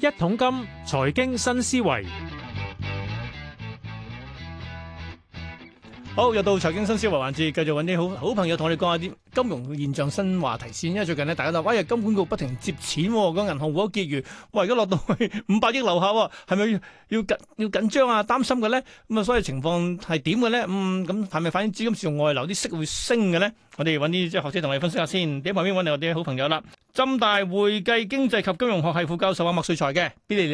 一桶金財經新思維，好，又到財經新思維環節，繼續揾啲好好朋友同我哋講下啲金融現象新話題先，因為最近咧，大家話喂，金管局不停接錢，個銀行戶口結餘，喂，而家落到去五百億樓下，係咪要要緊要緊張啊？擔心嘅咧，咁啊，所以情況係點嘅咧？嗯，咁係咪反映資金使用外流，啲息會升嘅咧？我哋揾啲即係學者同我哋分析下先。啲埋邊揾嚟我哋好朋友啦，浸大會計經濟及金融學系副教授啊，麥萃才嘅 Billy，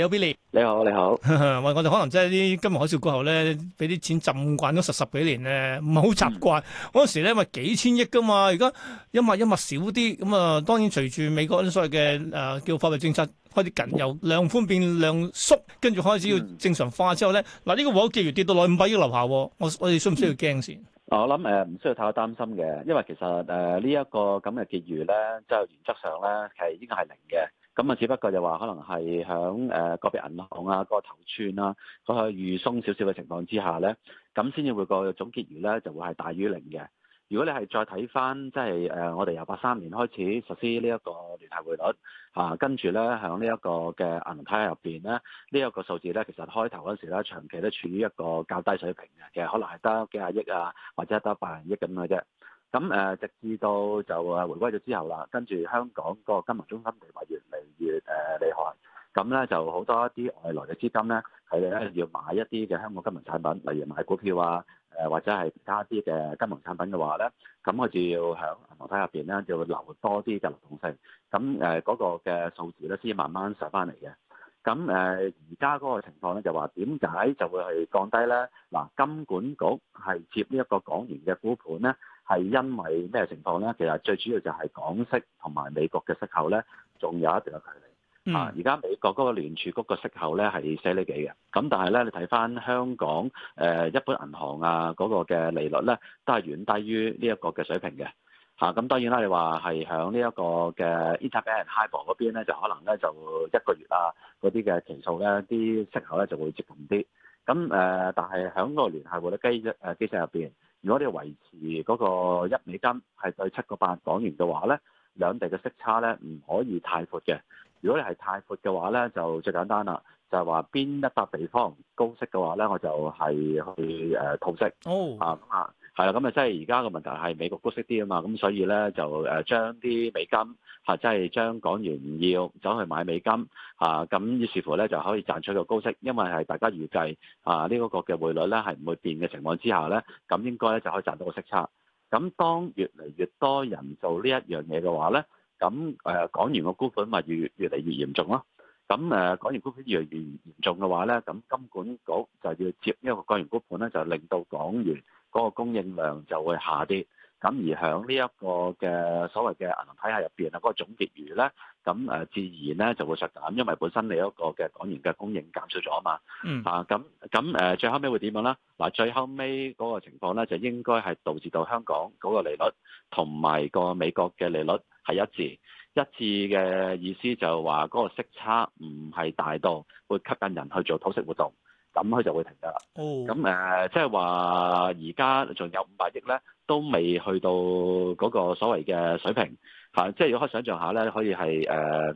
你好，你好。我我哋可能即係啲金融海嘯過後咧，俾啲錢浸慣咗十十幾年咧，唔係好習慣。嗰陣時咧，咪幾千億㗎嘛，而家。一物一物少啲，咁啊，當然隨住美國所謂嘅誒叫貨幣政策開始緊，由量寬變量縮，跟住開始要正常化之後咧，嗱呢、嗯、個總結餘跌到耐五百億樓下，我我哋需唔需要驚先？我諗誒，唔、呃、需要太多擔心嘅，因為其實誒呢一個咁嘅結餘咧，即係原則上咧係應該係零嘅，咁啊只不過就話可能係響誒個別銀行啊、個頭寸啊、佢係預鬆少少嘅情況之下咧，咁先至會、個總結餘咧就會係大於零嘅。如果你係再睇翻，即係誒，我哋由八三年開始實施呢一個聯繫匯率嚇，跟住咧響呢一個嘅銀行體系入邊咧，呢、這、一個數字咧，其實開頭嗰時咧，長期都處於一個較低水平嘅，其實可能係得幾廿億啊，或者得百零億咁嘅啫。咁誒、呃，直至到就誒回歸咗之後啦，跟住香港個金融中心地位越嚟越誒厲害，咁咧就好多一啲外來嘅資金咧，係咧要買一啲嘅香港金融產品，例如買股票啊。誒或者係其他啲嘅金融產品嘅話咧，咁我哋要喺銀行體入邊咧，就會留多啲嘅流動性。咁誒嗰個嘅數字咧先慢慢上翻嚟嘅。咁誒而家嗰個情況咧就話點解就會係降低咧？嗱，金管局係接呢一個港元嘅沽盤咧，係因為咩情況咧？其實最主要就係港息同埋美國嘅息口咧，仲有一定嘅距離。嗯、啊！而家美國嗰個聯儲局個息口咧係四厘幾嘅，咁，但係咧你睇翻香港誒、呃、一般銀行啊嗰、嗰個嘅利率咧都係遠低於呢一個嘅水平嘅嚇。咁、啊、當然啦，你話係響呢一個嘅 interbank HIBOR 嗰邊咧，就可能咧就一個月啊嗰啲嘅期數咧啲息口咧就會接近啲咁誒。但係響個聯繫匯率機誒機制入邊，如果你哋維持嗰個一美金係對七個八港元嘅話咧，兩地嘅息差咧唔可以太闊嘅。如果你係太闊嘅話咧，就最簡單啦，就係話邊一笪地方高息嘅話咧，我就係去誒套、呃、息。哦，啊，係啦，咁啊，即係而家嘅問題係美國高息啲啊嘛，咁所以咧就誒將啲美金嚇，即係將港元唔要走去買美金嚇，咁、啊、於是乎咧就可以賺取個高息，因為係大家預計啊、這個、國呢一個嘅匯率咧係唔會變嘅情況之下咧，咁應該咧就可以賺到個息差。咁當越嚟越多人做一呢一樣嘢嘅話咧。咁誒港元嘅沽盤咪越越嚟越嚴重咯，咁誒港元沽盤越嚟越嚴重嘅話咧，咁金管局就要接，因為港元沽盤咧就令到港元嗰個供應量就會下跌。咁而喺呢一個嘅所謂嘅銀行體系入邊啊，嗰個總結餘咧，咁誒自然咧就會削減，因為本身你嗰個嘅港元嘅供應減少咗啊嘛。嗯。啊，咁咁誒，最後尾會點樣咧？嗱，最後尾嗰個情況咧，就應該係導致到香港嗰個利率同埋個美國嘅利率係一致。一致嘅意思就話嗰個息差唔係大到會吸引人去做套息活動，咁佢就會停㗎喇。哦。咁誒，即係話而家仲有五百億咧。都未去到嗰個所謂嘅水平，係、啊、即係你可以想象下咧，可以係誒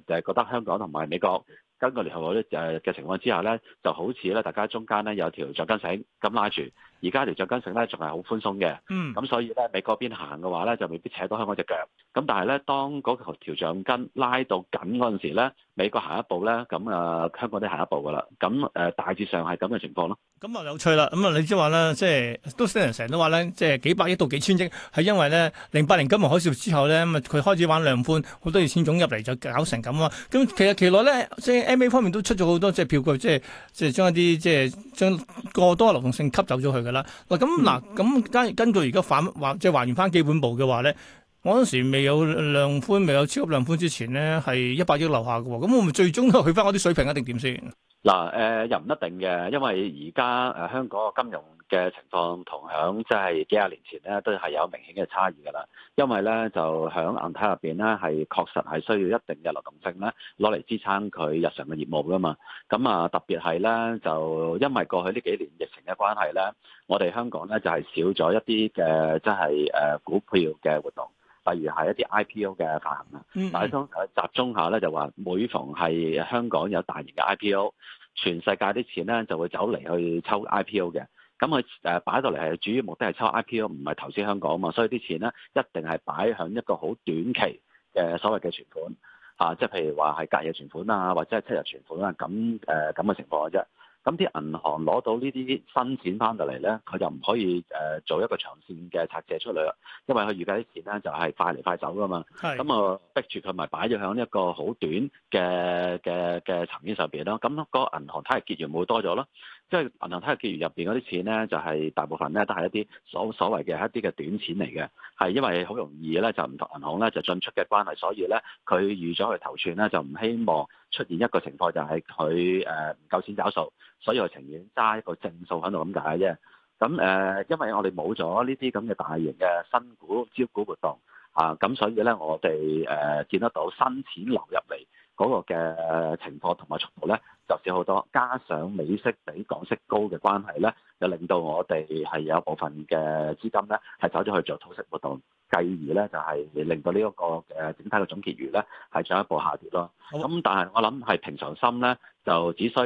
誒覺得香港同埋美國根據聯合國誒嘅情況之下咧，就好似咧大家中間咧有條橡筋繩咁拉住，而家條橡筋繩咧仲係好寬鬆嘅，咁、嗯、所以咧美國邊行嘅話咧就未必扯到香港隻腳，咁但係咧當嗰條橡筋拉到緊嗰陣時咧。美國下一步咧，咁啊香港都下一步噶啦。咁誒、呃、大致上係咁嘅情況咯。咁啊有趣啦。咁、嗯、啊你知話咧，即係都人成日都話咧，即係幾百億到幾千億係因為咧零八年金融海嘯之後咧，咁啊佢開始玩量寬，好多嘢錢湧入嚟就搞成咁啊。咁其實其內咧，即 MA 方面都出咗好多即係票據，即係即係將一啲即係將過多嘅流動性吸走咗佢噶啦。嗱咁嗱咁，根據而家反即還即係還完翻基本部嘅話咧。我嗰陣時未有量寬，未有超級量寬之前咧，係一百億樓下嘅。咁我咪最終都去翻嗰啲水平一定點先？嗱，誒、呃、又唔一定嘅，因為而家誒香港個金融嘅情況同響即係幾廿年前咧，都係有明顯嘅差異噶啦。因為咧就響銀行入邊咧，係確實係需要一定嘅流動性咧，攞嚟支撐佢日常嘅業務噶嘛。咁啊，特別係咧就因為過去呢幾年疫情嘅關係咧，我哋香港咧就係、是、少咗一啲嘅即係誒股票嘅活動。例如係一啲 IPO 嘅發行啦，買方就集中下咧，就話每逢係香港有大型嘅 IPO，全世界啲錢咧就會走嚟去抽 IPO 嘅。咁佢誒擺到嚟係主要目的係抽 IPO，唔係投資香港啊嘛。所以啲錢咧一定係擺喺一個好短期嘅所謂嘅存款啊，即係譬如話係隔夜存款啊，或者係七日存款啊，咁誒咁嘅情況嘅啫。咁啲銀行攞到呢啲新錢翻到嚟咧，佢就唔可以誒、呃、做一個長線嘅拆借出嚟啦，因為佢預計啲錢咧就係、是、快嚟快走噶嘛。咁啊逼住佢咪擺咗喺呢一個好短嘅嘅嘅層面上邊咯。咁、那個銀行睇嚟結餘冇多咗咯。即係銀行體系總結餘入邊嗰啲錢咧，就係、是、大部分咧都係一啲所所謂嘅一啲嘅短錢嚟嘅，係因為好容易咧就唔同銀行咧就進出嘅關係，所以咧佢預咗去頭寸咧就唔希望出現一個情況就係佢誒唔夠錢找數，所以我情願揸一個正數喺度咁解啫。咁、呃、誒、呃呃，因為我哋冇咗呢啲咁嘅大型嘅新股招股活動啊，咁、呃、所以咧我哋誒、呃、見得到新錢流入嚟嗰個嘅情況同埋速度咧。就少好多，加上美息比港息高嘅關係呢，又令到我哋係有部分嘅資金呢，係走咗去做套息活動。繼而呢，就係、是、令到呢一個誒整體嘅總結餘，餘呢係進一步下跌咯。咁但係我諗，係平常心呢。就只需要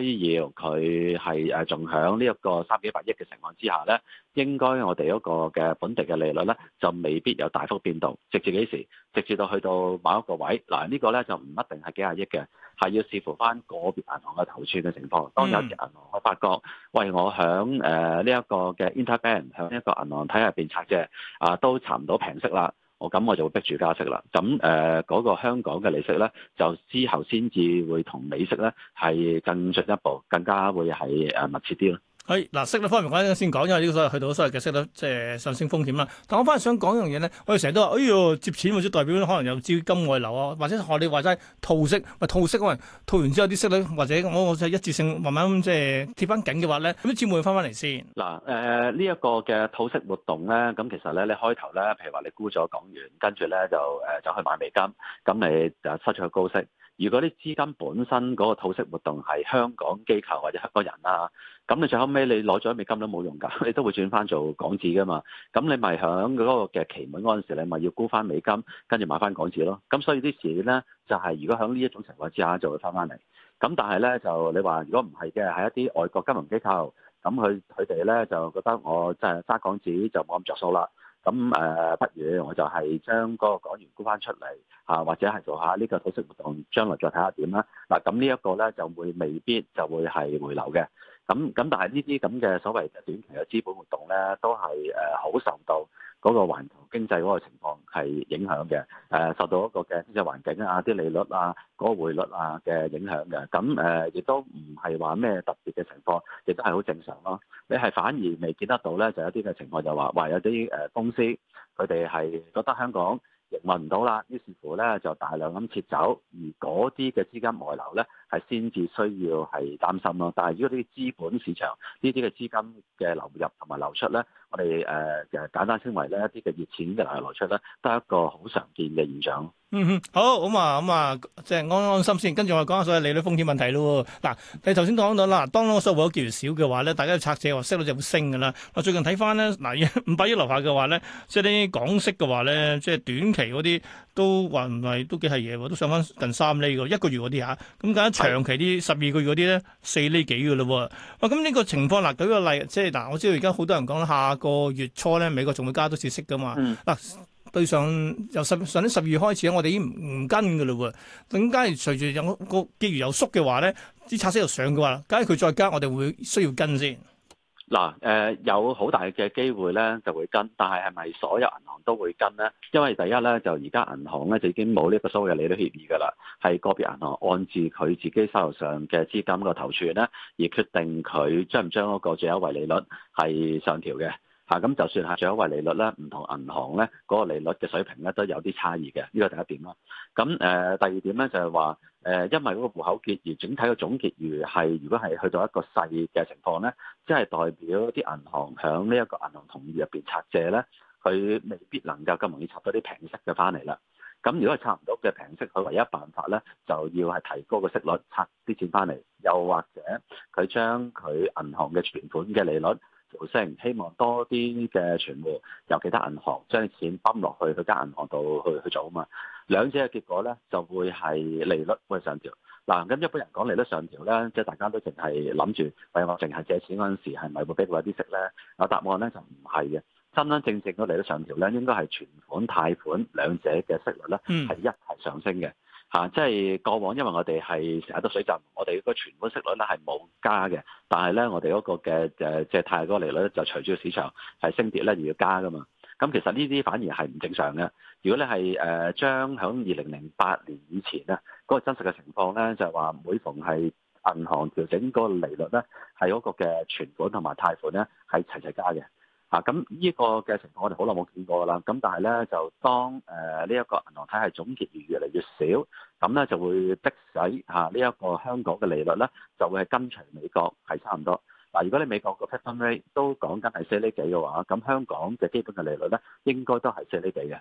佢係誒，仲喺呢一個三幾百億嘅情況之下咧，應該我哋嗰個嘅本地嘅利率咧，就未必有大幅變動，直至幾時，直至到去到某一個位嗱，呢、呢個咧就唔一定係幾廿億嘅，係要視乎翻個別銀行嘅頭寸嘅情況。當有啲銀行，我發覺，喂，我喺誒呢一個嘅 interbank 喺呢一個銀行體入邊拆借啊，都查唔到平息啦。我咁我就會逼住加息啦。咁誒嗰個香港嘅利息呢，就之後先至會同美息呢係更進一步，更加會係，啊，密切啲。係嗱，息率方面我一陣先講，因為呢個所謂去到嘅所謂嘅息率即係上升風險啦。但我翻嚟想講一樣嘢咧，我哋成日都話：哎呦，接錢或者代表可能有資金外流啊，或者學你話齋套息，咪套息嗰陣套完之後啲息率或者我我即係一次性慢慢即係貼翻緊嘅話咧，啲錢會唔會翻翻嚟先？嗱，誒呢一個嘅套息活動咧，咁其實咧你開頭咧，譬如話你沽咗港元，跟住咧就誒走去買美金，咁你就失去咗高息。如果啲資金本身嗰個套息活動係香港機構或者係港人啦，咁你最後尾你攞咗美金都冇用㗎，你都會轉翻做港紙㗎嘛。咁你咪響嗰個嘅期滿嗰陣時，你咪要沽翻美金，跟住買翻港紙咯。咁所以啲事咧就係、是、如果響呢一種情況之下就會返翻嚟。咁但係咧就你話如果唔係嘅，係一啲外國金融機構，咁佢佢哋咧就覺得我真係揸港紙就冇咁着數啦。咁誒，不如我就係將嗰個港元沽翻出嚟，嚇、啊、或者係做下呢個套息活動，將來再睇下點啦。嗱、啊，咁呢一個咧就會未必就會係回流嘅。咁咁，但係呢啲咁嘅所謂短期嘅資本活動咧，都係誒好受到。嗰個環球經濟嗰個情況係影響嘅，誒、呃、受到一個嘅經濟環境啊、啲利率啊、嗰、嗰個匯率啊嘅影響嘅，咁誒亦都唔係話咩特別嘅情況，亦都係好正常咯。你係反而未見得到咧，就有啲嘅情況就話話有啲誒公司佢哋係覺得香港盈利唔到啦，於是乎咧就大量咁撤走，而嗰啲嘅資金外流咧。係先至需要係擔心咯，但係如果啲資本市場呢啲嘅資金嘅流入同埋流出咧，我哋誒誒簡單稱為咧一啲嘅熱錢嘅流入流出咧，都係一個好常見嘅現象。嗯哼，好，咁啊，咁啊，即係安安心先，跟住我哋講下所謂利率風險問題咯。嗱，你頭先講到啦，當個收匯結餘少嘅話咧，大家拆借或息率就會升㗎啦。我最近睇翻咧，嗱，五百億樓下嘅話咧，即係啲港息嘅話咧，即係短期嗰啲。都還唔係都幾係嘢，都上翻近三厘嘅一個月嗰啲吓，咁梗係長期啲十二個月嗰啲咧四厘幾嘅咯。哇！咁呢個情況嗱，舉個例，即係嗱，我知道而家好多人講下個月初咧，美國仲會加多次息嘅嘛。嗱、嗯啊，對上由十上年十二月開始我哋已經唔跟嘅咯。咁梗係隨住有個機遇有縮嘅話咧，啲拆息又上嘅話，梗係佢再加，我哋會需要跟先。嗱，誒、嗯、有好大嘅機會咧，就會跟，但係係咪所有銀行都會跟咧？因為第一咧，就而家銀行咧就已經冇呢個所嘅利率協議㗎啦，係個別銀行按住佢自己手入上嘅資金個投存咧，而決定佢將唔將嗰個最後一利率係上調嘅。嚇、啊，咁就算係最後一利率咧，唔同銀行咧嗰、那個利率嘅水平咧都有啲差異嘅，呢個第一點啦。咁誒、呃、第二點咧就係、是、話。誒，因為嗰個戶口結餘，整體嘅總結餘係，如果係去到一個細嘅情況咧，即係代表啲銀行響呢一個銀行同業入邊拆借咧，佢未必能夠咁容易拆到啲平息嘅翻嚟啦。咁如果係拆唔到嘅平息，佢唯一辦法咧，就要係提高個息率拆啲錢翻嚟，又或者佢將佢銀行嘅存款嘅利率。上升，希望多啲嘅存款由其他銀行將啲錢泵落去佢間銀行度去去做啊嘛。兩者嘅結果咧，就會係利率會上調。嗱，咁一般人講利率上調咧，即係大家都淨係諗住，為我淨係借錢嗰陣時，係咪會俾我一啲息咧？啊，答案咧就唔係嘅。真真正正都利率上調咧，應該係存款、貸款兩者嘅息率咧，係一齊上升嘅。啊！即、就、係、是、過往，因為我哋係成日都水浸，我哋個存款息率咧係冇加嘅。但係咧，我哋嗰個嘅誒即係借貸嗰個利率咧，就隨住市場係升跌咧而要加噶嘛。咁、嗯、其實呢啲反而係唔正常嘅。如果你係誒將響二零零八年以前咧，嗰、那個真實嘅情況咧，就係話每逢係銀行調整嗰個利率咧，係嗰個嘅存款同埋貸款咧係齊齊加嘅。啊，咁、這、呢個嘅情況我哋好耐冇見過啦。咁但係咧，就當誒呢一個銀行體系總結餘越嚟越少，咁咧就會逼使嚇呢一個香港嘅利率咧就會係跟隨美國係差唔多。嗱、啊，如果你美國個 capital rate 都講緊係四厘幾嘅話，咁香港嘅基本嘅利率咧應該都係四厘幾嘅。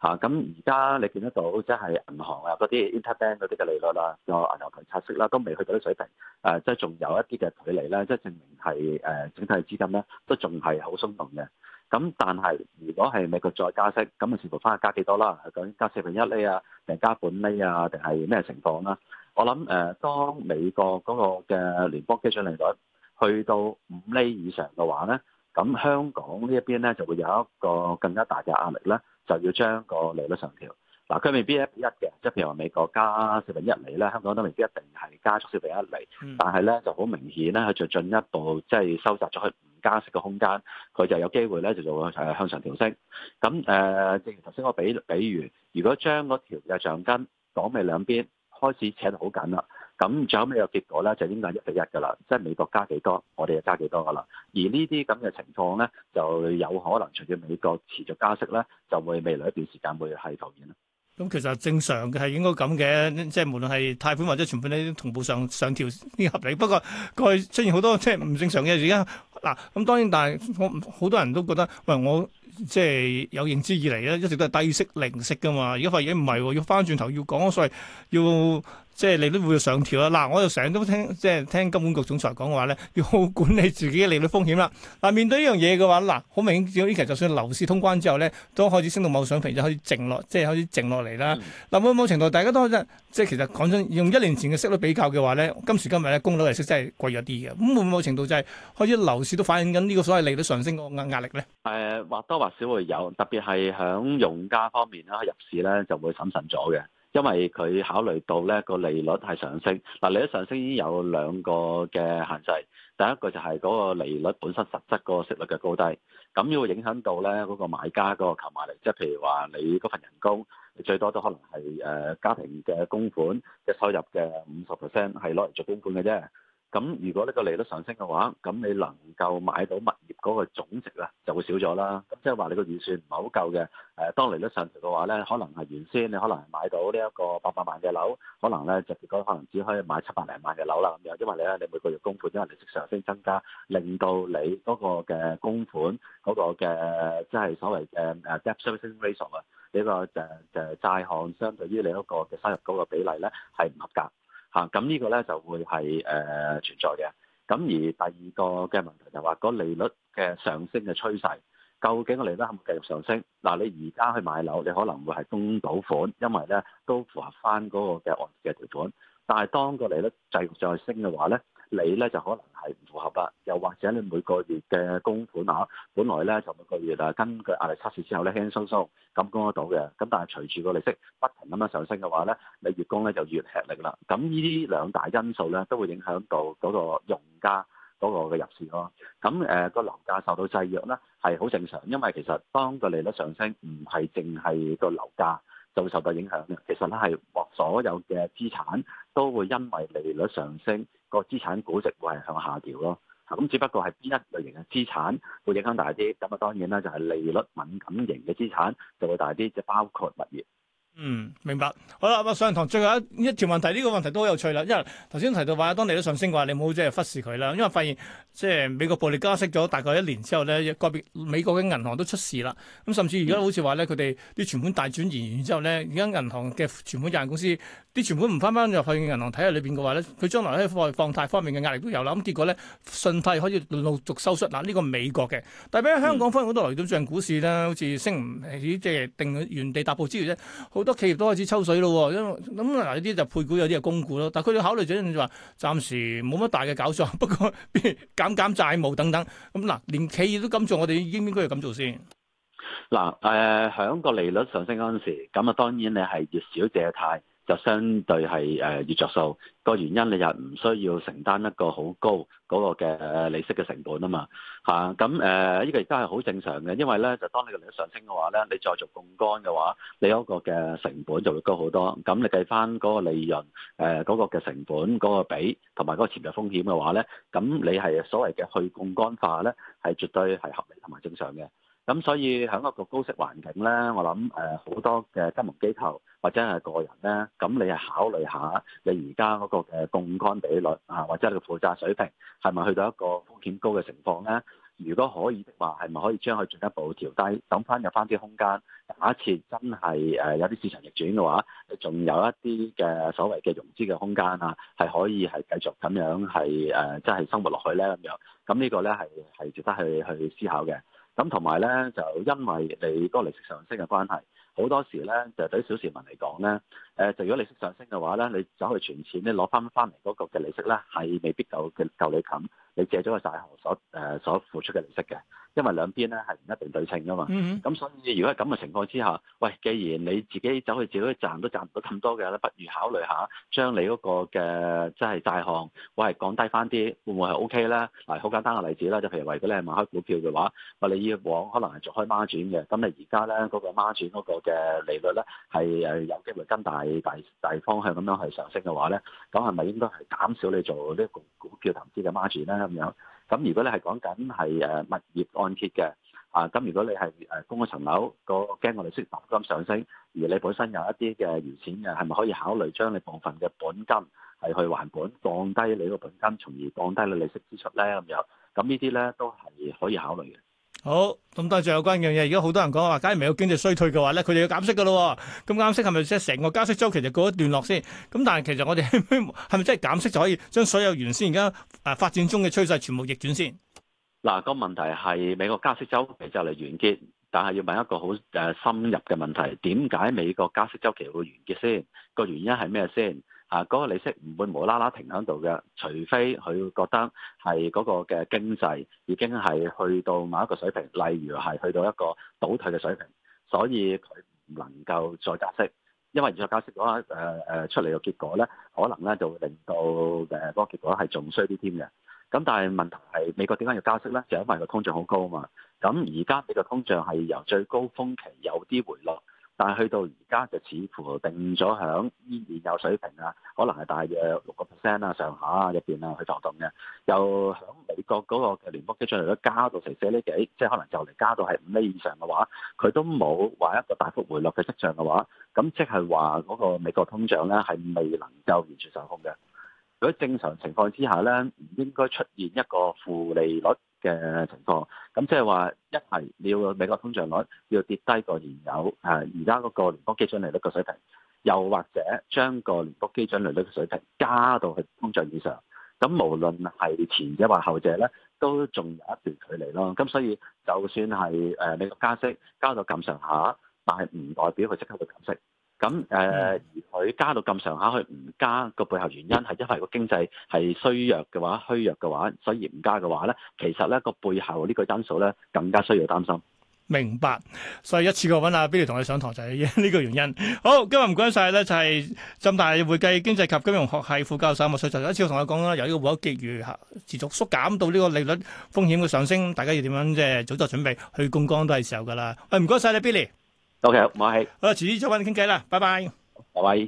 嚇咁而家你見得到，即係銀行啊，嗰啲 interbank 嗰啲嘅利率啦、啊，有銀行同拆息啦，都未去到啲水平，誒、啊，即係仲有一啲嘅距離咧、啊，即係證明係誒、啊、整體資金咧都仲係好鬆動嘅。咁但係如果係美國再加息，咁啊，似乎翻加幾多啦，究竟加四分一厘啊，定加半厘啊，定係咩情況啦？我諗誒、啊，當美國嗰個嘅聯邦基金利率去到五厘以上嘅話咧，咁香港呢一邊咧就會有一個更加大嘅壓力啦。就要將個利率上調，嗱，佢未必一比一嘅，即係譬如話美國加四分一厘啦，香港都未必一定係加足四分一厘。但係咧就好明顯咧，佢就進一步即係收窄咗佢唔加息嘅空間，佢就有機會咧就做誒向上調升。咁誒、呃，正如頭先我比比喻，如果將嗰條嘅橡筋港美兩邊開始扯得好緊啦。咁最後尾有結果咧就應該係一比一噶啦，即係美國加幾多，我哋就加幾多噶啦。而呢啲咁嘅情況咧，就有可能隨住美國持續加息咧，就會未來一段時間會係浮現啦。咁其實正常嘅係應該咁嘅，即係無論係貸款或者存款咧，同步上上調已經合理。不過佢出現好多即係唔正常嘅事。而家嗱，咁當然，但係我好多人都覺得，喂，我即係有認知以嚟咧，一直都係低息零息噶嘛。而家發嘢唔係喎，要翻轉頭要講，所以要。即係利率會上調啦！嗱，我就成日都聽，即係聽金管局總裁講嘅話咧，要好管理自己嘅利率風險啦。嗱，面對呢樣嘢嘅話，嗱，好明顯，呢期就算樓市通關之後咧，都開始升到某水平，就可以靜落，即係開始靜落嚟啦。嗱、嗯，每冇程度，大家都即係即係其實講真，用一年前嘅息率比較嘅話咧，今時今日咧，供樓利息真係貴咗啲嘅。咁每冇程度就係開始樓市都反映緊呢個所謂利率上升嘅壓力咧。誒、呃，或多或少會有，特別係響用家方面啦，入市咧就會審慎咗嘅。因為佢考慮到呢個利率係上升，嗱，利率上升已經有兩個嘅限制，第一個就係嗰個利率本身實質個息率嘅高低，咁要影響到呢嗰個買家嗰個購買力，即係譬如話你嗰份人工，最多都可能係誒家庭嘅供款嘅收入嘅五十 percent 係攞嚟做供款嘅啫。咁如果呢個利率上升嘅話，咁你能夠買到物業嗰個總值啊就會少咗啦。咁即係話你個預算唔係好夠嘅。誒，當利率上升嘅話咧，可能係原先你可能買到呢一個八百萬嘅樓，可能咧就結果可能只可以買七百零萬嘅樓啦。咁樣因為你咧，你每個月供款因為利息上升增加，令到你嗰個嘅供款嗰個嘅即係所謂嘅誒 debt servicing ratio 啊，呢個誒誒債項相對於你嗰個嘅收入嗰個比例咧係唔合格。啊，咁、這個、呢個咧就會係誒、呃、存在嘅。咁而第二個嘅問題就話，個利率嘅上升嘅趨勢，究竟個利率係咪繼續上升？嗱、啊，你而家去買樓，你可能會係供到款，因為咧都符合翻嗰個嘅按揭條款。但係當個利率繼續再升嘅話咧。你咧就可能係唔符合啦，又或者你每個月嘅供款額啊，本來咧就每個月啊，根據壓力測試之後咧輕鬆鬆咁供得到嘅，咁但係隨住個利息不停咁樣上升嘅話咧，你月供咧就越吃力啦。咁呢啲兩大因素咧都會影響到嗰個用家嗰個嘅入市咯。咁、那、誒個樓價受到制約咧係好正常，因為其實當個利率上升唔係淨係個樓價。就會受到影響嘅，其實咧係，所有嘅資產都會因為利率上升，個資產估值會係向下調咯。咁只不過係邊一類型嘅資產會影響大啲，咁啊當然啦，就係、是、利率敏感型嘅資產就會大啲，即係包括物業。嗯，明白。好啦，我上堂最後一一條問題，呢、這個問題都好有趣啦。因為頭先提到話當地都上升嘅話，你唔好即係忽視佢啦。因為發現即係美國暴力加息咗大概一年之後咧，個別美國嘅銀行都出事啦。咁甚至而家好似話咧，佢哋啲存款大轉移完之後咧，而家銀行嘅存款有限公司啲存款唔翻翻入去銀行體系裏邊嘅話咧，佢將來咧放放貸方面嘅壓力都有啦。咁結果咧，信貸可以陸續收縮嗱。呢、這個美國嘅，但係俾香港翻好多嚟到上股市啦，好似升唔起，即係定原地踏步之餘咧，好。好多企業都開始抽水咯，因為咁嗱，呢啲就配股，有啲就供股咯。但佢哋考慮咗，你就話暫時冇乜大嘅搞作，不過 減減債務等等。咁嗱，連企業都咁做，我哋應唔應該要咁做先？嗱，誒響個利率上升嗰陣時，咁啊當然你係越少借貸。就相對係誒易著數，嗰個原因你又唔需要承擔一個好高嗰個嘅利息嘅成本嘛啊嘛嚇，咁誒呢個亦都係好正常嘅，因為咧就當你個利率上升嘅話咧，你再做槓桿嘅話，你嗰個嘅成本就會高好多，咁你計翻嗰個利潤誒嗰、呃嗰個嘅成本嗰、嗰個比同埋嗰個潛在風險嘅話咧，咁你係所謂嘅去槓桿化咧，係絕對係合理同埋正常嘅。咁所以響一個高息環境咧，我諗誒好多嘅金融機構或者係個人咧，咁你係考慮下你而家嗰個嘅槓桿比率啊，或者你個負債水平係咪去到一個風險高嘅情況咧？如果可以的話，係咪可以將佢進一步調低？等翻入翻啲空間，假設真係誒有啲市場逆轉嘅話，仲有一啲嘅所謂嘅融資嘅空間啊，係可以係繼續咁樣，係誒即係生活落去咧咁樣。咁呢個咧係係值得去去思考嘅。咁同埋咧，就因為你嗰個利息上升嘅關係，好多時咧，就對小市民嚟講咧。誒，就如果利息上升嘅話咧，你走去存錢咧，攞翻翻嚟嗰個嘅利息咧，係未必夠嘅夠你冚。你借咗個債項所誒、呃、所付出嘅利息嘅，因為兩邊咧係唔一定對稱噶嘛。咁所以如果係咁嘅情況之下，喂，既然你自己走去自己賺都賺唔到咁多嘅，不如考慮下將你嗰個嘅即係債項，我係降低翻啲，會唔會係 O K 咧？嗱，好簡單嘅例子啦，就譬如為話，如果你係買開股票嘅話，話你以往可能係做開孖轉嘅，咁你而家咧嗰個孖轉嗰個嘅利率咧係誒有機會增大。你大大方向咁樣去上升嘅話咧，咁係咪應該係減少你做呢個股票投資嘅 margin 咧？咁樣咁，如果你係講緊係誒物業按揭嘅啊，咁如果你係誒供一層樓，個驚個利息本金上升，而你本身有一啲嘅餘錢嘅，係咪可以考慮將你部分嘅本金係去還本，降低你個本金，從而降低你利息支出咧？咁樣咁呢啲咧都係可以考慮嘅。好，咁多最後一樣嘢，而家好多人講話，假如未有經濟衰退嘅話咧，佢哋要減息噶啦，咁減息係咪即係成個加息周期就告一段落先？咁但係其實我哋係咪係真係減息就可以將所有原先而家誒發展中嘅趨勢全部逆轉先？嗱個問題係美國加息周期就嚟完結，但係要問一個好誒深入嘅問題，點解美國加息周期會完結先？個原因係咩先？啊，嗰個利息唔會無啦啦停喺度嘅，除非佢覺得係嗰個嘅經濟已經係去到某一個水平，例如係去到一個倒退嘅水平，所以佢唔能夠再加息，因為如果加息嘅話，誒、呃、誒出嚟嘅結果咧，可能咧就會令到誒嗰個結果係仲衰啲添嘅。咁但係問題係美國點解要加息咧？就因為個通脹好高啊嘛。咁而家呢個通脹係由最高峰期有啲回落。但係去到而家就似乎定咗響依然有水平啊，可能係大約六個 percent 啊上下入邊啊去浮動嘅，又響美國嗰個嘅聯邦基金利率都加到成四釐幾，即係可能就嚟加到係五釐以上嘅話，佢都冇話一個大幅回落嘅跡象嘅話，咁即係話嗰個美國通脹咧係未能夠完全受控嘅。如果正常情況之下咧，唔應該出現一個負利率嘅情況。咁即係話，一係你要美國通脹率要跌低過現有，誒而家嗰個聯邦基準利率嘅水平，又或者將個聯邦基準利率嘅水平加到去通脹以上。咁無論係前者或後者咧，都仲有一段距離咯。咁所以，就算係誒美國加息加到咁上下，但係唔代表佢即刻會減息。咁誒，佢、嗯嗯、加到咁上下，佢唔加個背後原因係因為個經濟係衰弱嘅話、虛弱嘅話，所以唔加嘅話咧，其實咧個背後呢個因素咧更加需要擔心。明白，所以一次過揾阿 Billy 同你上堂就係呢個原因。好，今日唔該晒咧，就係浸大會計經濟及金融學系副教授麥萃才一次同你講啦，由呢個匯率結餘持續縮減到呢個利率風險嘅上升，大家要點樣即係早作準備去公應都係時候噶啦。喂、哎，唔該晒你 Billy。O.K. 好，唔客氣。好啦，遲啲再搵你傾偈啦，拜拜，拜拜。